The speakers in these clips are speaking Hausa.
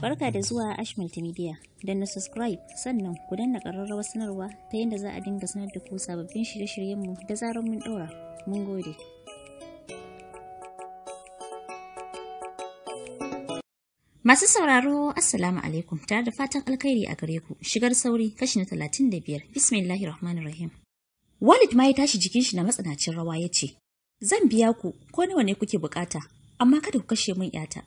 Barka da zuwa Ash Multimedia. Don na subscribe sannan ku danna ƙararrawar sanarwa ta yadda za a dinga sanar da ku sababbin shirye-shiryenmu da zarar mun ɗora. Mun gode. Masu sauraro Assalamu alaikum tare da fatan alkhairi a gare ku shigar sauri kashi na talatin da biyar Bismillahi rahim Walid ma ya tashi jikin shi na matsanacin rawa ya ce, Zan biya ku ko nawa ne kuke bukata, amma kada ku kashe min yata.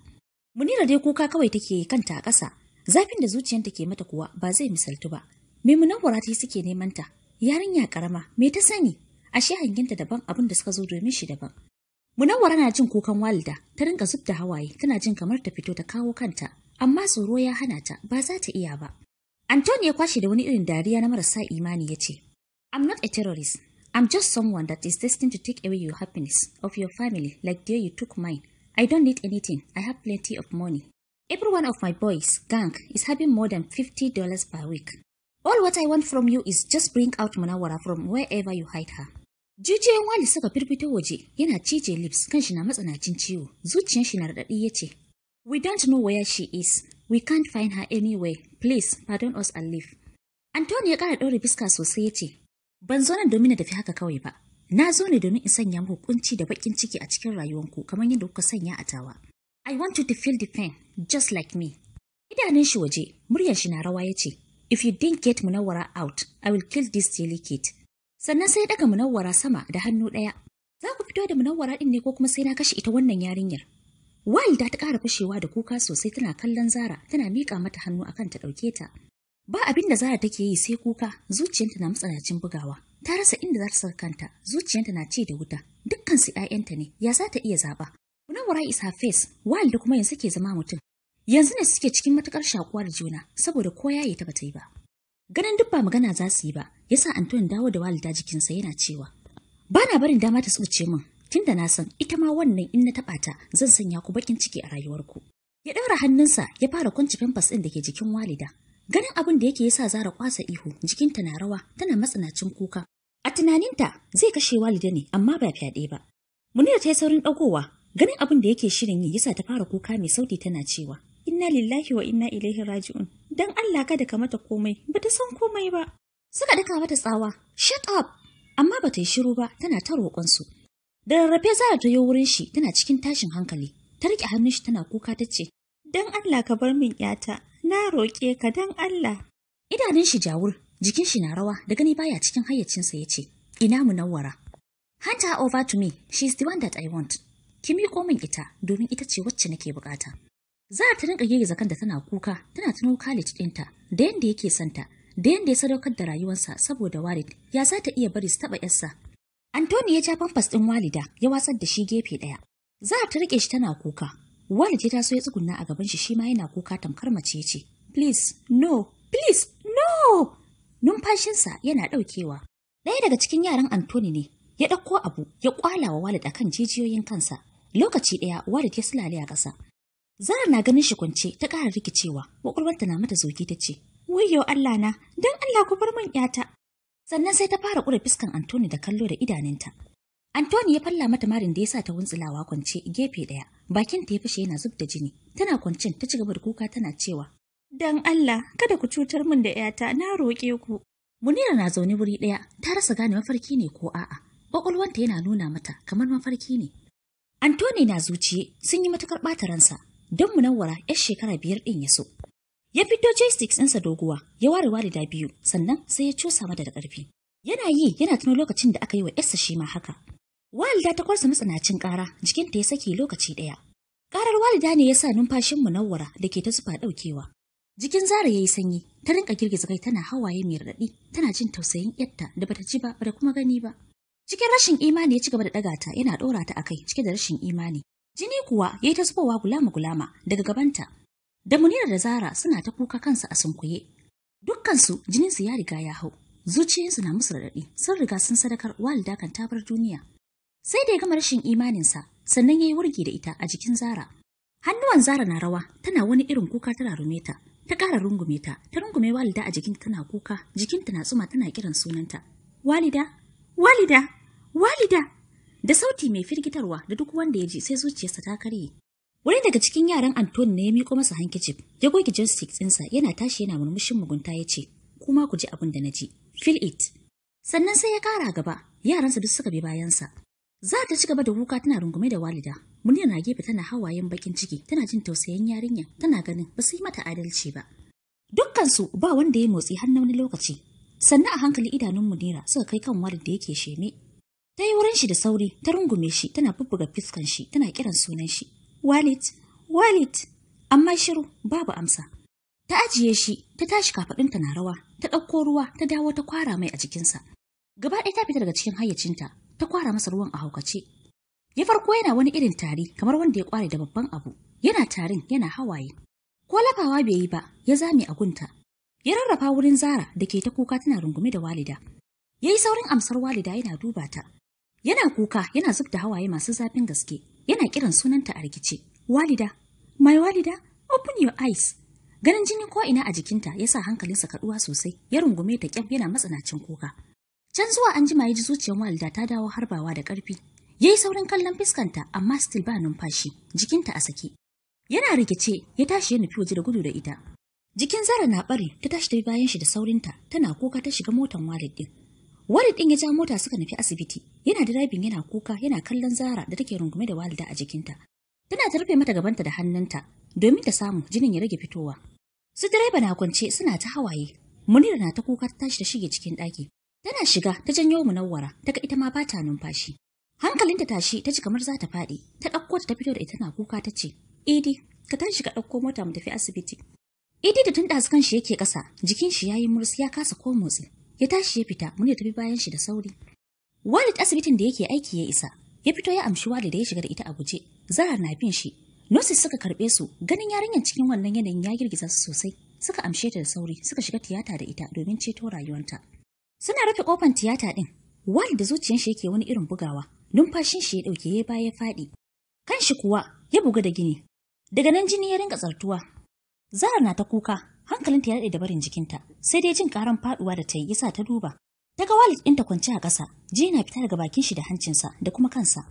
Munira dai kuka kawai take kanta a ƙasa. Zafin da zuciyanta ke mata kuwa ba zai misaltu ba. Me munawwara ta suke neman ta? Yarinya karama, me ta sani? Ashe hanginta daban abin da suka zo domin shi daban. Munawwara na jin kukan walida, ta rinka zub hawaye, tana jin kamar ta fito ta kawo kanta, amma tsoro ya hana ta, ba za ta iya ba. Anthony ya kwashe da wani irin dariya na marasa imani ya ce, I'm not a terrorist. I'm just someone that is destined to take away your happiness of your family like the you took mine. I don't need anything. I have plenty of money. Every one of my boys, gang, is having more than $50 per week. All what I want from you is just bring out Munawara from wherever you hide her. Jijiyoyin wali suka firfito waje yana cije lips kanshi na matsanacin ciwo zuciyar shi na raɗaɗi ya ce We don't know where she is. We can't find her anywhere. Please pardon us and leave. Antonio ya kara ɗaure biska sosai ya ce Ban zo nan domin na tafi haka kawai ba. Na zo ne domin in sanya muku kunci da bakin ciki a cikin rayuwanku kamar yadda kuka sanya a tawa. I want you to feel the pain just like me. Idanun shi waje, muryar shi na rawa ya ce, If you didn't get Munawwara out, I will kill this delicate. Sannan sai daga Munawwara sama da hannu ɗaya. Za ku fito da munawara ɗin ne ko kuma sai na kashe ita wannan yarinyar. da ta ƙara fashewa da kuka sosai tana kallon Zara tana miƙa mata hannu akan ta ɗauke ta. Ba abin da Zara take yi sai kuka, zuciyarta na matsanacin bugawa. ta rasa inda za ta saka kanta zuciyanta na ce da wuta Dukkansu su ƴaƴanta ne ya za ta iya zaɓa wura isa face Wal kuma yanzu ke zama mutum yanzu ne suke cikin matukar shakuwa da juna saboda ko yaye ta bata yi ba ganin duk ba magana za su yi ba ya yasa Antoine dawo da walida jikinsa yana cewa ba na barin dama ta tsuce min tunda na san ita ma wannan in na taɓa ta zan sanya ku bakin ciki a rayuwarku ya ɗaura hannunsa ya fara kunci famfas ɗin da ke jikin walida ganin abin da yake yasa zara kwasa ihu jikinta na rawa tana matsanacin kuka A tunaninta zai kashe walida ne amma ba fyaɗe ba. Munira ta yi saurin ɗaukowa ganin abin da yake shirin yi yasa ta fara kuka mai sauti tana cewa inna lillahi wa inna ilaihi raji'un dan Allah kada ka mata komai ba ta san komai ba. Suka daka mata tsawa shut up amma ba ta yi shiru ba tana ta roƙon su. Da rarrafe za ta yi wurin shi tana cikin tashin hankali ta rike hannun shi tana kuka ta ce dan Allah ka bar min yata na roƙe ka dan Allah. Idanun shi jawur Jikin shi na rawa da gani baya cikin hayyacinsa ya ce, Ina munawwara. Hand her over to me, she is the one that I want. Ki miƙo min ita domin ita ce wacce nake bukata. Za ta rinka girgiza kanta tana kuka, tana tuno Khalid ɗinta, da yanda yake santa, da yanda ya sadaukar da rayuwarsa saboda Walid, ya za ta iya bari su taɓa ‘yarsa. Antoni ya ja famfas ɗin Walida ya watsar da shi gefe ɗaya. Za ta riƙe shi tana kuka. Walid ya taso ya tsugunna a gaban shi shi ma yana kuka tamkar mace ce. Please, no, please, no! numfashinsa yana ɗaukewa. Ɗaya daga cikin yaran Antoni ne ya ɗauko abu ya ƙwala wa Walid kan jijiyoyin kansa. Lokaci ɗaya Walid ya sulale a ƙasa. Zara na ganin shi kwance ta ƙara rikicewa, ƙwaƙwalwarta na mata zogi ta ce, Wayyo Allah na, don Allah ku bar min ƴata. Sannan sai ta fara ƙure fuskan Antoni da kallo da idanunta. Antoni ya falla mata marin da ya sa ta wuntsulawa kwance gefe ɗaya, bakinta ya fashe yana zub da jini. Tana kwancin ta ci gaba da kuka tana cewa, Dan Allah, kada ku cutar min da ‘yata, na roƙe ku. Munira na zaune wuri ɗaya, ta rasa gane mafarki ne ko a'a. Ƙwaƙwalwanta yana nuna mata kamar mafarki ne. Antoni na zuciye sun yi matukar ɓata ransa, don munawwara 'yar shekara biyar ɗin ya so. Ya fito joysticks ɗinsa doguwa, ya ware walida biyu, sannan sai ya cusa mata da ƙarfi. Yana yi yana tuno lokacin da aka yi wa ‘yarsa shi ma haka. Walida ta kwarsa matsanacin ƙara, jikinta ya saki lokaci ɗaya. Ƙarar walida ne ya sa numfashin munawwara da ke ta zufa ɗaukewa. Jikin Zara ya yi sanyi, ta rinka girgiza kai tana hawaye mai raɗaɗi, tana jin tausayin yadda da bata ji ba bata kuma gani ba. Cikin rashin imani ya ci gaba da ɗaga ta yana ɗora ta kai cike da rashin imani. Jini kuwa ya yi ta zubowa gulama-gulama daga gabanta. Da Munira da Zara suna ta kuka kansu a sunkuye. Dukkansu su ya riga ya hau. Zuciyoyinsu na musu raɗaɗi sun riga sun sadakar walida kan tabar duniya. Sai da ya gama rashin imaninsa sannan ya yi wurgi da ita a jikin Zara. Hannuwan Zara na rawa tana wani irin kuka tana rume ta. ta ƙara rungume ta ta rungume walida a jikinta tana kuka jikinta na tsuma tana kiran sunanta walida walida walida da sauti mai firgitarwa da duk wanda ya ji sai zuciyarsa ta karye wani daga cikin yaran antoni ne ya miko masa hankicif ya goge stick ɗinsa yana tashi yana murmushin mugunta ya ce kuma ku ji abin da na ji feel it sannan sai ya kara gaba yaransa duk suka bi bayansa za ta ci gaba da kuka tana rungume da walida Munira na gefe tana hawayen bakin ciki, tana jin tausayin yarinya, tana ganin ba su yi mata adalci ba. Dukkansu ba wanda ya motsi har na wani lokaci. Sannan a hankali idanun Munira suka kai kan wani da yake sheme. Ta yi wurin shi da sauri, ta rungume shi, tana bubbuga fiskan shi, tana kiran sunan shi. walit walit amma shiru babu amsa. Ta ajiye shi, ta tashi kafaɗinta na rawa, ta ɗauko ruwa, ta dawo ta kwara mai a jikinsa. Gaba ɗaya ta fita daga cikin hayyacinta, ta kwara masa ruwan a haukace. Ya farko yana wani irin tari kamar wanda ya kware da babban abu. Yana tarin yana hawaye. Ko lafawa bai yi ba, ya zame a gunta. Ya rarrafa wurin Zara da ke ta kuka tana rungume da walida. Ya yi saurin amsar walida yana duba ta. Yana kuka yana zub da hawaye masu zafin gaske. Yana kiran sunanta a rikice. Walida, My walida, open your eyes. Ganin jini ko ina a jikinta ya sa hankalinsa kaduwa sosai, ya rungume ta kyam yana matsanacin kuka. Can zuwa an jima ya ji zuciyar walida ta dawo harbawa da karfi Yayi saurin kallon fiskanta amma still ba numfashi, jikinta a sake. Yana rikice ya tashi ya nufi waje da gudu da ita. Jikin Zara na bare ta tashi ta bi bayan shi da saurinta tana kuka ta shiga motan Walid din. Walid din ya ja mota suka nufi asibiti. Yana driving yana kuka yana kallon Zara da take rungume da Walida a jikinta. Tana ta rufe mata gabanta da hannunta domin ta samu jinin ya rage fitowa. Su direba na kwance suna ta hawaye. Munira na ta kuka ta tashi ta shige cikin ɗaki. Tana shiga ta janyo munawwara daga ita ma bata numfashi. Hankalinta tashi ta ji kamar za ta faɗi, ta ɗauko ta fito da ita na kuka ta ce, Idi, ka tashi ka ɗauko mota mu tafi asibiti. Idi da tun ɗazu kan shi yake ƙasa, jikin shi ya yi mursi ya kasa ko motsi. Ya tashi ya fita, ya tafi bayan shi da sauri. Walid asibitin da yake aiki ya isa, ya fito ya amshi Walid da ya shiga da ita a guje. Zara na bin shi. Nosi suka karɓe su, ganin yarinyar cikin wannan yanayin ya girgiza su sosai. Suka amshe ta da sauri, suka shiga tiyata da ita domin ceto rayuwanta. Suna rufe kofan tiyata ɗin, wanda zuciyar shi yake wani irin bugawa numfashin shi ya dauke ya baya faɗi kanshi kuwa ya buga da gini daga nan jini ya rinka tsartuwa zara na ta kuka hankalinta ya dade da barin jikinta sai dai jin karan faɗuwa da ta yi yasa ta duba ta ga walid ta kwance a kasa ji na fita daga bakin shi da hancinsa da kuma kansa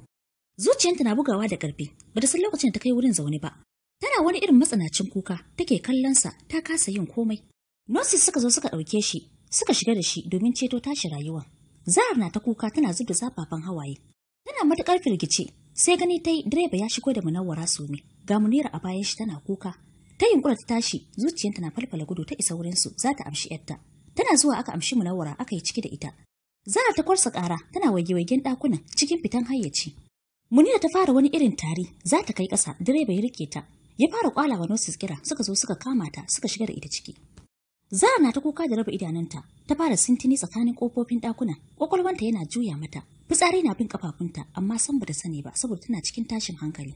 zuciyarta na bugawa da karfi Bata san lokacin da ta kai wurin zaune ba tana wani irin matsanacin kuka take kallon sa ta kasa yin komai nosis suka zo suka ɗauke shi suka shiga da shi domin ceto tashi rayuwa Zahar na ta kuka tana zuge zafafan hawaye. Tana matuƙar firgice, sai gani ta yi direba ya shigo da munawwara su ne. Ga munira a bayan shi tana kuka. Ta yi ta tashi, zuciyarta na falfala gudu ta isa wurin su, za ta amshi yarta. Tana zuwa aka amshi munawwara aka yi ciki da ita. Zahar ta kwarsa kara tana wage-wagen ɗakunan cikin fitan hayyaci. Munira ta fara wani irin tari, za ta kai ƙasa, direba ya rike ta. Ya fara ƙwalawa nosis kira, suka zo suka kama ta, suka shiga da ita ciki. Zara na ta kuka da raba idanunta, ta fara sintini tsakanin kofofin ɗakuna, ƙwaƙwalwanta yana juya mata, fitsari na bin kafafunta, amma san bata sani ba saboda tana cikin tashin hankali.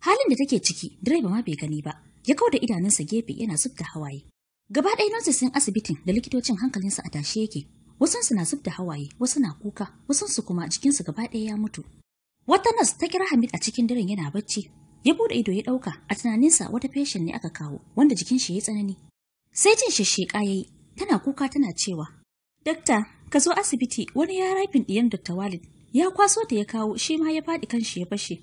Halin da take ciki, direba ma bai gani ba, ya kauda idanunsa gefe yana zubda hawaye. Gaba ɗaya nurses sun asibitin da likitocin hankalinsa a tashe yake, wasansu na da hawaye, wasu na kuka, wasansu kuma jikinsu gaba ɗaya ya mutu. Wata nas ta kira Hamid a cikin daren yana bacci, ya bude ido ya ɗauka. a tunaninsa wata feshin ne aka kawo wanda jikin shi ya tsanani sai jin shi yayi tana kuka tana cewa dakta ka zo asibiti wani ya rafin ɗiyan dakta Walid ya kwaso ta ya kawo shi ma ya faɗi kan shi ya fashe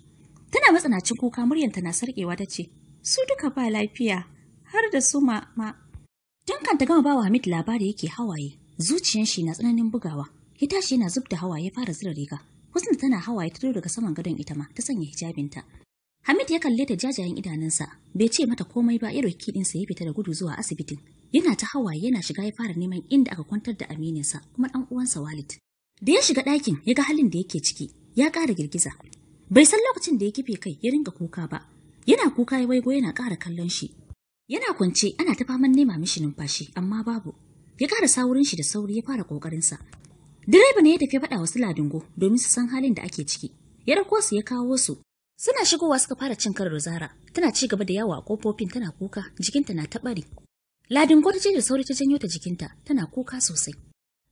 tana matsanacin kuka muryanta na sarƙewa ta ce su duka ba lafiya har da su ma ma Dunkan ta gama ba wa Hamid labari yake hawaye zuciyan shi na tsananin bugawa ya tashi yana zub da hawaye fara zira riga Husna tana hawaye ta daga saman gadon ita ma ta sanya hijabinta Hamid ya kalle ta jajayen idanunsa, bai ce mata komai ba irin kiɗinsa ya fita da gudu zuwa asibitin. Yana ta hawaye yana shiga ya fara neman inda aka kwantar da amininsa kuma ɗan uwansa Walid. Da ya shiga ɗakin ya ga halin da yake ciki, ya ƙara girgiza. Bai san lokacin da ya kife kai ya ringa kuka ba. Yana kuka ya waigo yana ƙara kallon shi. Yana kwance ana ta faman nema mishi numfashi amma babu. Ya ƙara sawurin shi da sauri ya fara ƙoƙarinsa. Direba ne ya tafi faɗa wasu ladingo domin su san halin da ake ciki. Ya rako su ya kawo su Suna shigowa suka fara cin karar Zara, tana ci gaba da yawo a kofofin tana kuka, jikinta na taɓari. Ladin gwarje da sauri ta janyo ta jikinta, tana kuka sosai.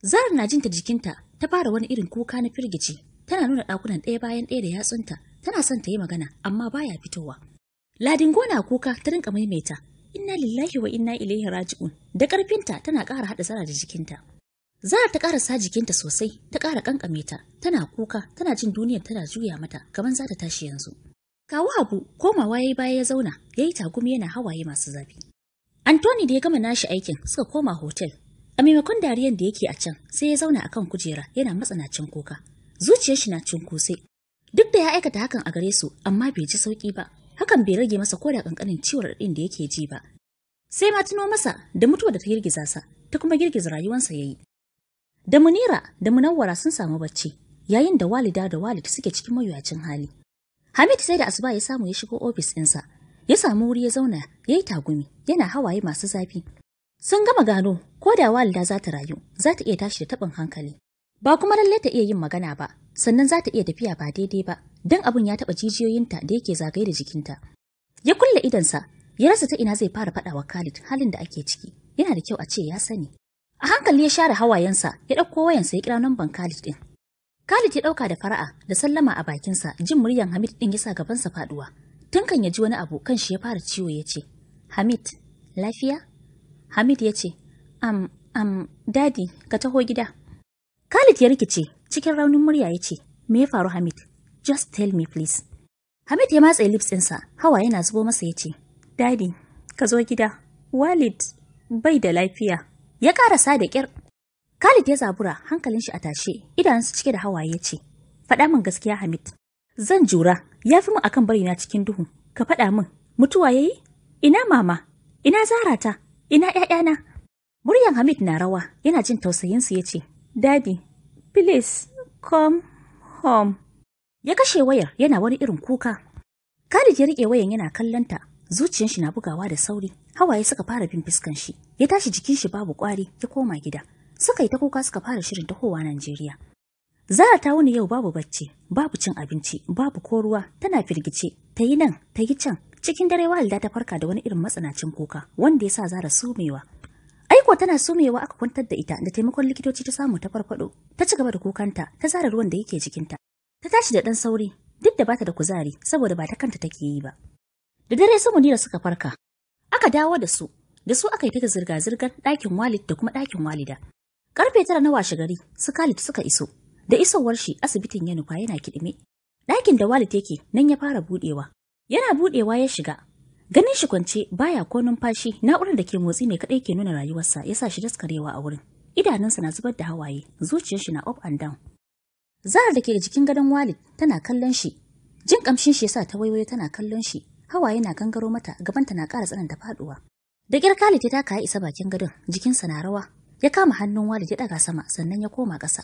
Zara na jinta jikinta, ta fara wani irin kuka na firgici, tana nuna ɗakunan ɗaya bayan ɗaya da yatsunta, tana son ta yi magana, amma baya fitowa. Ladin na kuka ta rinka maimaita, inna lillahi wa inna ilaihi raji'un, da ƙarfinta tana ƙara haɗa Zara da jikinta. Zara ta ƙara sa jikinta sosai, ta ƙara ƙanƙame ta, tana kuka, tana jin duniyar tana juya mata, kamar za ta tashi yanzu. Kawu Habu komawa yayi baya ya zauna, ya yi tagumi yana hawaye masu zafi. Antoni da ya gama nashi aikin suka koma hotel. A maimakon dariyan da yake a can, sai ya zauna akan kujera yana matsanacin kuka. Zuciyar shi na cunkuse. Duk da ya aikata hakan a gare su, amma bai ji sauki ba. Hakan bai rage masa koda kankanin ciwon ɗin da yake ji ba. Sai ma tuno masa da mutuwa da ta girgiza sa, ta kuma girgiza rayuwarsa yayi. Da Munira da Munawwara sun samu bacci, yayin da walida da walid suke cikin mawuyacin hali. Hamid sai da asuba ya samu ya shigo ofis ɗinsa, ya samu wuri ya zauna, ya yi tagumi, yana hawaye masu zafi. Sun gama gano, ko da walida za ta rayu, za ta iya tashi da taɓin hankali. Ba kuma lalle ta iya yin magana ba, sannan za ta iya tafiya ba daidai ba, don abin ya taɓa jijiyoyinta da yake zagaye da jikinta. Ya kulle idonsa, ya rasa ta ina zai fara faɗa Khalid halin da ake ciki, yana da kyau a ce ya sani. A hankali ya share hawayensa, ya ɗauko wayansa ya kira namban Khalid ɗin. Khalid ya ɗauka da fara'a da sallama a bakinsa, jin muryan Hamid ɗin ya sa gabansa faɗuwa. Tun kan ya ji wani abu kan shi ya fara ciwo ya ce, Hamid, lafiya? Hamid ya ce, Am, am, dadi, ka taho gida. Khalid ya rikice, cikin raunin murya ya ce, Me ya faru Hamid? Just tell me please. Hamid ya matse lips ɗinsa, hawa yana zubo masa ya ce, dadi, ka zo gida, Walid bai da lafiya. Ya karasa da kyar Khalid ya zabura hankalin shi a tashe, idanunsa cike da hawaye ce, faɗa min gaskiya Hamid. Zan jura, ya fi mun akan barina cikin duhu, ka faɗa min, mutuwa ya yi? Ina mama, ina zarata, ina ‘ya'yana. Muryan Hamid na rawa, yana jin tausayinsu ya ce, Daddy, please, come home. Ya kashe wayar yana wani irin kuka. Khalid ya rike wayan yana kallonta, zuciyar shi na bugawa da sauri. hawaye suka fara bin fuskan shi ya tashi jikin shi babu kwari ya koma gida suka yi ta kuka suka fara shirin tahowa Najeriya Zara ta wuni yau babu bacci babu cin abinci babu ko ruwa tana firgice ta yi nan ta yi can cikin dare walida ta farka da wani irin matsanacin kuka wanda ya sa Zara sumewa Aiko tana sumewa aka kwantar da ita da taimakon likitoci ta samu ta farfado ta ci gaba da kukanta ta zara ruwan da yake jikinta ta tashi da dan sauri duk da bata da kuzari saboda ba ta kanta take yi ba da dare su munira suka farka Aka dawo da su, da su aka yi ta zirga-zirgar ɗakin Walid da kuma ɗakin Walida. Karfe tara na washe gari, su Khalid suka iso, da isowar shi asibitin ya nufa yana kiɗime. Ɗakin da Walid yake nan ya fara buɗewa. Yana buɗewa ya shiga. Ganin shi kwance baya ko numfashi na'urar da ke motsi mai kaɗai ke nuna rayuwarsa ya sa shi daskarewa a wurin. Idanunsa na zubar da hawaye, zuciyar shi na up and down. Zara da ke jikin gadon Walid tana kallon shi. Jin kamshin shi ya sa ta waiwayo tana kallon shi. hawaye na gangaro mata gabanta na ƙara tsananta faduwa da ƙyar Khalid ya taka isa bakin gadon jikinsa na rawa ya kama hannun Walid ya daga sama sannan ya koma ƙasa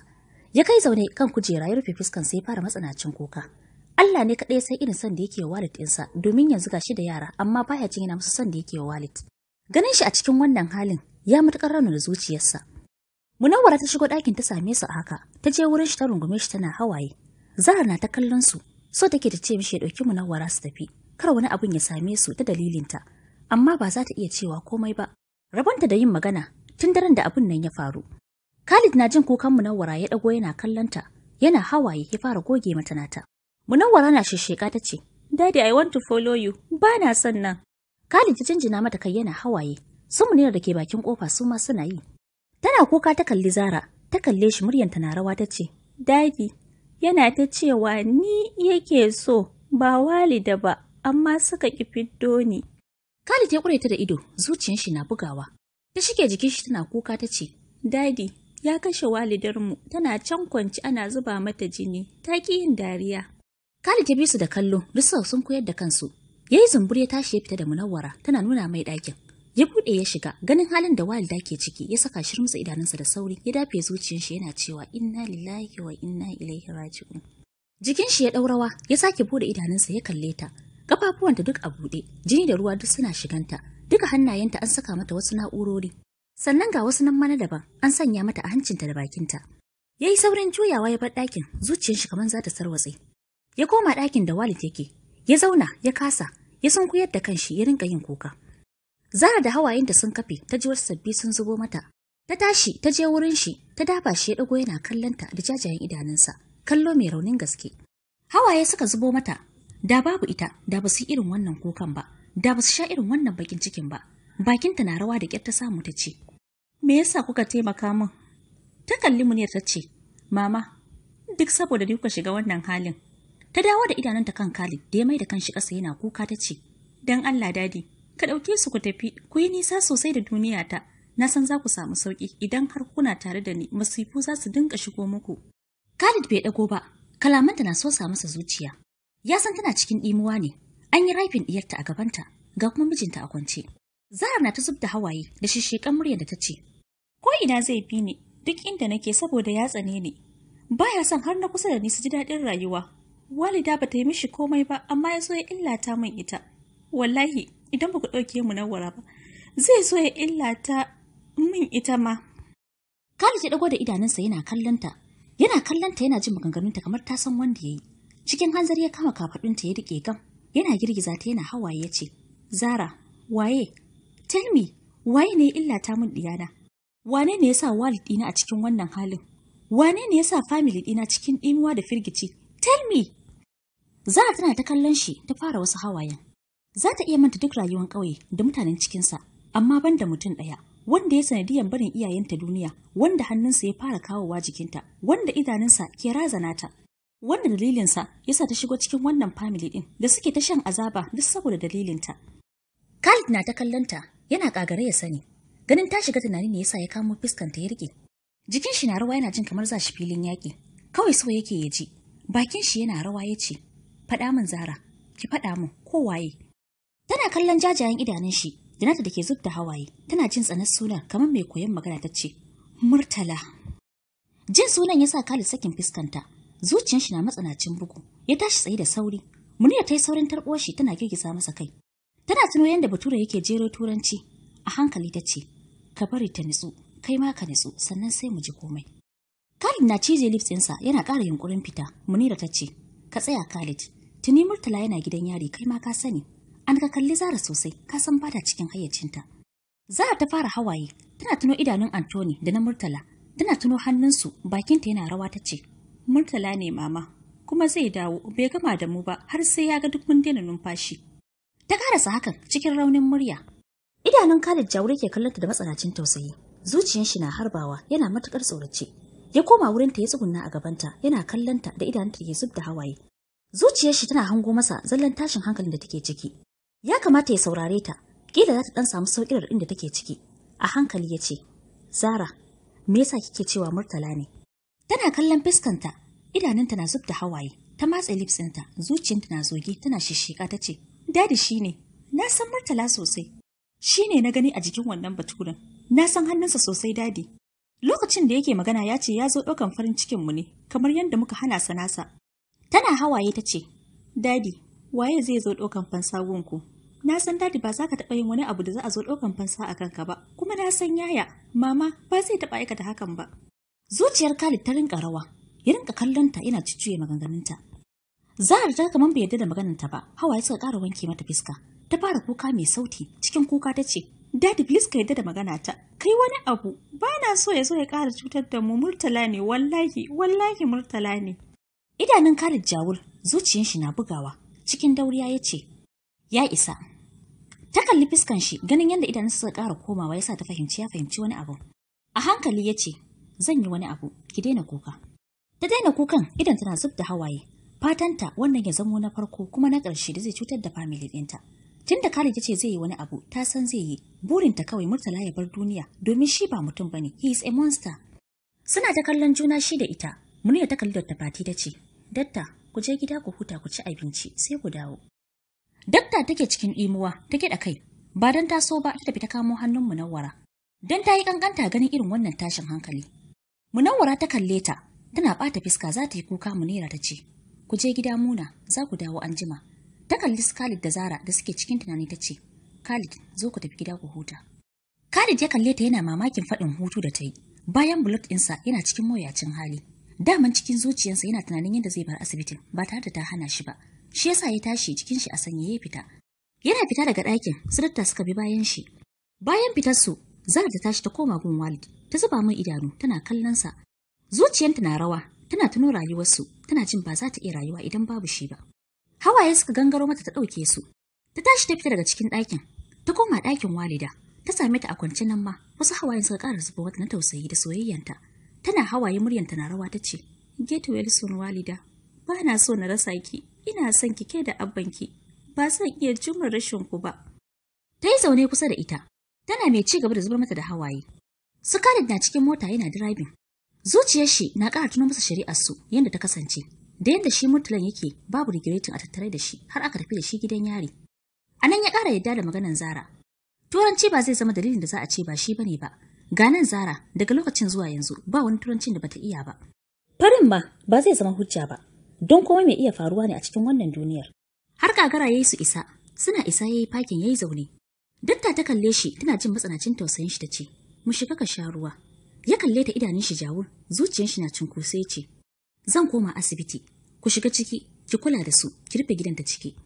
ya kai zaune kan kujera ya rufe fuskan sai fara matsanacin kuka Allah ne kaɗai sai irin son da yake wa Walid ɗinsa domin yanzu gashi da yara amma baya cin yana musu son da yake wa Walid ganin shi a cikin wannan halin ya matuƙar da zuciyarsa Munawwara ta shigo ɗakin ta same su a haka ta je wurin shi ta rungume shi tana hawaye Zahra na ta kallon su so take ta ce mishi ya dauki Munawwara su tafi kar wani abun ya same su ta dalilinta, amma ba za ta iya cewa komai ba. Rabonta da yin magana tun daren da abin nan ya faru. Khalid na jin kukan Munawwara ya dago yana kallonta, yana hawaye ya fara goge mata nata. Munawwara na shisheka ta ce, Daddy, I want to follow you. Ba na son nan. Khalid ta jinjina mata kai yana hawaye. Sun da ke bakin kofa su ma suna yi. Tana kuka ta kalli Zara, ta kalle shi muryanta na rawa ta ce, Daddy, yana ta cewa ni yake so ba walida ba. amma suka ƙi fiddo ni. Khalid ya ƙure ta da ido, zuciyar shi na bugawa. Ta shige jikin shi tana kuka ta ce, Dadi, ya kashe walidarmu, tana can kwanci ana zuba mata jini, ta ƙi yin dariya. kali ta bi su da kallo, duk sun koyar da kansu. Ya yi zumbur ya tashi ya fita da munawwara, tana nuna mai ɗakin. Ya buɗe ya shiga, ganin halin da walida ke ciki, ya saka shi rumsa idanunsa da sauri, ya dafe zuciyar shi yana cewa inna lillahi wa inna ilaihi raji'un. Jikin shi ya ɗaurawa, ya sake buɗe idanunsa ya kalle ta, Kafafuwanta duk a buɗe, jini da ruwa duk suna shiganta, duka hannayenta an saka mata wasu na'urori. Sannan ga wasu nan mana daban, an sanya mata a hancinta da bakinta. Ya yi saurin juyawa ya bar ɗakin, zuciyar shi kamar za ta sarwatse. Ya koma ɗakin da Walid yake, ya zauna, ya kasa, ya kuyar da kanshi, ya rinka yin kuka. Zara da hawayenta sun kafe, ta ji wasu sabbi sun zubo mata. Ta tashi, ta je wurin shi, ta dafa shi ya ɗago yana kallonta da jajayen idanunsa, kallo mai raunin gaske. Hawaye suka zubo mata, da babu ita da basu yi irin wannan kukan ba da basu sha irin wannan bakin cikin ba bakinta na rawa da kyar ta samu ta ce me yasa kuka taimaka min ta kalli ne ta ce mama duk saboda ni kuka shiga wannan halin ta dawo da idanunta kan Khalid da ya mai da kanshi ƙasa yana kuka ta ce dan Allah dadi ka ɗauke su ku tafi ku yi nisa sosai da duniya ta na san za ku samu sauki idan har kuna tare da ni masifu za su dinka shigo muku Khalid bai dago ba kalamanta na so sa masa zuciya Ya san tana cikin ɗimuwa ne, an yi raifin ɗiyarta a gabanta, ga kuma mijinta a kwance. Zahar na ta zub da hawaye da shishikan muryar da ta ce, Ko ina zai bi ni, duk inda nake saboda ya tsane ni. Baya son har na kusa da ni su ji daɗin rayuwa. Walida ba ta yi mishi komai ba, amma ya so ya illata min ita. Wallahi, idan ba ku ɗauke mu nawara ba, zai so ya illata min ita ma. Khalid ya dago da idanunsa yana kallonta. Yana kallonta yana jin maganganunta kamar ta san wanda ya yi. Cikin hanzari ya kama kafaɗinta ya riƙe gam, yana girgiza ta yana hawaye ya ce, Zara, waye? Tell me, waye ne illa ta min ɗiyana? Wane ne ya sa walid ɗina a cikin wannan halin? Wane ne ya sa family ɗina cikin ɗimuwa da firgici? Tell me! Zara tana ta kallon shi ta fara wasu hawayen. Za ta iya manta duk rayuwar ƙauye da mutanen cikinsa, amma ban da mutum ɗaya. wanda ya sanadiyar barin iyayenta duniya wanda hannunsa ya fara kawowa jikinta wanda idanunsa ke razana ta Wanda dalilinsa ya sa ta shigo cikin wannan family din da suke ta shan azaba duk saboda dalilinta. Khalid na ta kallonta yana ƙagare ya sani. Ganin ta shiga tunani ne yasa ya kamo fuskanta ya riƙe. Jikin shi na rawa yana jin kamar za shi filin yaki Kawai so yake ya ji. Bakin shi yana rawa ya ce, Faɗa min Zara, ki faɗa min ko waye. Tana kallon jajayen idanun shi Janata da ke zub da hawaye, tana jin tsanar sunan kamar mai koyon magana ta ce, Murtala. Jin sunan ya sa Khalid sakin fuskanta, zuciyar shi na matsanacin bugu ya tashi tsaye da sauri munira ta yi saurin tarbuwar shi tana girgiza masa kai tana tuno yadda bature yake jero turanci a hankali ta ce ka bari ta nitsu kai ma ka nitsu sannan sai mu ji komai Khalid na cije lips ɗinsa yana ƙara yunkurin fita munira ta ce ka tsaya Khalid tuni murtala yana gidan yari kai ma ka sani an ka kalli zara sosai ka san bata cikin hayyacinta zara ta fara hawaye tana tuno idanun antoni da na murtala tana tuno hannunsu bakinta yana rawa ta ce Murtala ne mama, kuma zai dawo bai gama da mu ba har sai ya ga duk mun daina numfashi. Ta karasa hakan cikin raunin murya. Idanun Khalid Jauri ke kallonta da matsanancin tausayi. Zuciyar shi na harbawa yana matukar tsorace. Ya koma wurin ta ya tsugunna a gabanta yana kallonta da idanun ta ke zub da hawaye. Zuciyar shi tana hango masa zallan tashin hankalin da take ciki. Ya kamata ya saurare ta. Kila za ta dan samu sauƙin da take ciki. A hankali ya ce, "Zara, me yasa kike cewa Murtala ne?" Tana kallon fiskanta, idanunta na zub da hawaye, ta matse lipsinta, zuciyanta zuciyarta na zoge tana shishika ta ce, Dadi shi ne, na san Murtala sosai. Shi ne na gani a jikin wannan baturen, na san hannunsa sosai dadi. Lokacin da yake magana ya ce ya zo ɗaukan farin cikinmu ne, kamar yadda muka hana sa nasa. Tana hawaye ta ce, Dadi, waye zai zo ɗaukan fansa gunku? Na san dadi ba za ka taɓa yin wani abu da za a zo ɗaukan fansa a kanka ba, kuma na san yaya, mama ba zai taɓa aikata hakan ba. Zuciyar Khalid ta rinka rawa, ya rinka kallon ta yana cicciye maganganunta. Zahar ta kamar bai yarda da ta ba, ya suka ƙara wanke mata fiska. Ta fara kuka mai sauti, cikin kuka ta ce, Daddy please ka yarda da maganata, kai wani abu, ba na so ya so ya ƙara cutar da mu murtala ne wallahi, wallahi murtala ne. Idanun Khalid Jawul, zuciyar shi na bugawa, cikin dauriya ya ce, Ya isa, ta kalli fiskan shi ganin yadda idanun suka ƙara komawa ya sa ta fahimci ya fahimci wani abu. A hankali ya ce, zan yi wani abu ki daina kuka ta daina kukan idan tana zub da hawaye fatanta wannan ya zamo na farko kuma na ƙarshe da zai cutar da family ɗinta tun da Khalid ce zai yi wani abu ta san zai yi burinta kawai Murtala ya bar duniya domin shi ba mutum bane he is a monster suna ta kallon juna shi da ita Muniya ta kalli Dr. Fati ta ce datta ku je gida ku huta ku ci abinci sai ku dawo datta take cikin imuwa ta kiɗa kai ba don ta so ba ta tafi ta kamo hannun munawwara don ta yi ƙanƙanta ganin irin wannan tashin hankali Munawwara ta kalle ta, tana ɓata fiska za ta yi kuka mu Munira ta ce, Ku je gida muna, za ku dawo an jima. Ta kalli su Khalid da Zara da suke cikin tunani ta ce, Khalid, zo ku tafi gida ku huta. Khalid ya kalle ta yana mamakin faɗin hutu da ta yi. Bayan bullet ɗinsa yana cikin mawuyacin hali. Daman cikin zuciyarsa yana tunanin yadda zai bar asibitin ba tare da ta hana shi ba. Shi yasa ya tashi cikin shi a sanya ya fita. Yana fita daga ɗakin, su suka bi bayan shi. Bayan fitar su, Zara ta tashi ta koma gun Walid. ta zuba min idanu tana kallonsa. Zuciyanta na rawa, tana tuno rayuwarsu, tana jin ba za ta iya rayuwa idan babu shi ba. Hawaye suka gangaro mata ta ɗauke su. Ta tashi ta fita daga cikin ɗakin, ta koma ɗakin walida, ta same ta a kwance nan ma, wasu hawayen suka ƙara zuba mata na tausayi da soyayyanta. Tana hawaye muryanta na rawa ta ce, Get Wilson walida, ba na so na rasa ki, ina son ki ke da abbanki, ba zan iya jimar rashin ku ba. Ta yi zaune kusa da ita, tana mai ci gaba da zubar mata da hawaye. Su na cikin mota yana driving. Zuciyar shi na ƙara tuno masa shari'ar su yadda ta kasance. Da yadda shi murtalan yake babu rigiretin a tattare da shi har aka tafi da shi gidan yari. A nan ya ƙara yadda da maganan Zara. Turanci ba zai zama dalilin da za a ce ba shi bane ba. Ganan Zara daga lokacin zuwa yanzu ba wani turancin da bata iya ba. Farin ma ba zai zama hujja ba. Don komai mai iya faruwa ne a cikin wannan duniyar. Har gagara yayi su isa, suna isa yayi fakin yayi zaune. Dakta ta kalle shi tana jin matsanancin tausayin shi tace, mu shiga ka sha ruwa. Ya kalle ta idanun shi jawur, zuciyar shi na cinkosai ce, Zan koma asibiti, ku shiga ciki, ki kula da su, ki rufe gidan ta ciki.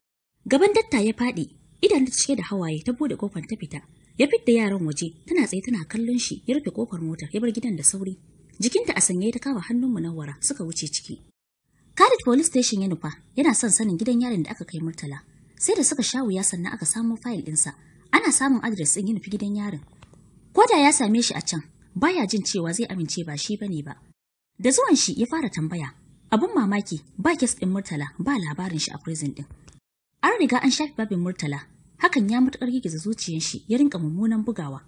Gaban datta ya faɗi, idan ta cike da hawaye ta bude kofar ta fita. Ya fitta yaran waje, tana tsaye tana kallon shi, ya rufe kofar motar, ya bar gidan da sauri. Jikinta a sanye ta kama hannun munawwara suka wuce ciki. Khalid police station ya nufa, yana son sanin gidan yarin da aka kai Murtala. Sai da suka sha wuya sannan aka samo fayil ɗinsa. Ana samun adres ɗin ya nufi gidan yarin. Ko da ya same shi a can, baya jin cewa zai amince ba shi bane ba. Da zuwan shi ya fara tambaya, abun mamaki ba kes ɗin Murtala ba labarin shi a prison ɗin. An riga an shafi babin Murtala, hakan ya matuƙar gigiza zuciyar shi ya rinka mummunan bugawa.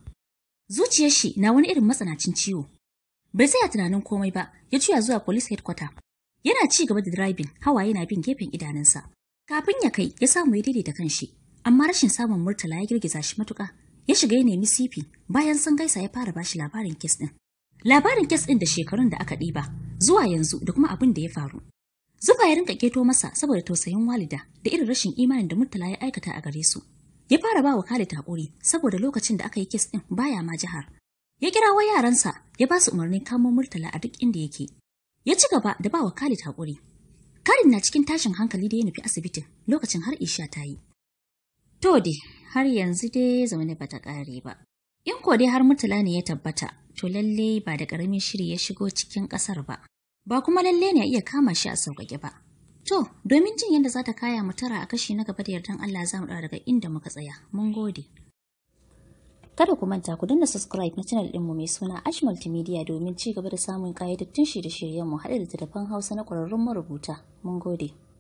Zuciyar shi na wani irin matsanacin ciwo. Bai tsaya tunanin komai ba, ya juya zuwa police headquarter. Yana ci gaba da driving, Hawa yana bin gefen idanunsa. Kafin ya kai, ya samu ya daidaita kanshi, amma rashin samun Murtala ya girgiza shi matuƙa, ya shiga ya nemi sifi bayan sun gaisa ya fara bashi labarin kes ɗin. Labarin kes ɗin da shekarun da aka ɗiba zuwa yanzu da kuma abin da ya faru. Zufa ya rinka keto masa saboda tausayin walida da irin rashin imanin da Murtala ya aikata a gare su. Ya fara ba wa Khalid haƙuri saboda lokacin da aka yi kes ɗin baya ma jihar. ya kira wa yaransa ya ba su umarnin kamo murtala a duk inda yake ya ci gaba da ba wa Khalid haƙuri Khalid na cikin tashin hankali da ya nufi asibitin lokacin har Isha ta yi To dai, har yanzu dai zaune bata ƙare ba. In ko dai har mutula ne ya tabbata, to lalle ba da ƙaramin shiri ya shigo cikin ƙasar ba. Ba kuma lalle ne a iya kama shi a sauƙaƙe ba. To, domin jin yadda za ta kaya mu tara a kashi na gaba da yardan Allah za mu ɗara daga inda muka tsaya. Mun gode. Kada ku manta ku danna subscribe na channel ɗinmu mai suna Ash Multimedia domin ci gaba da samun ƙayyadattun shirye-shiryenmu haɗe da tattafan Hausa na ƙwararrun marubuta. Mun gode.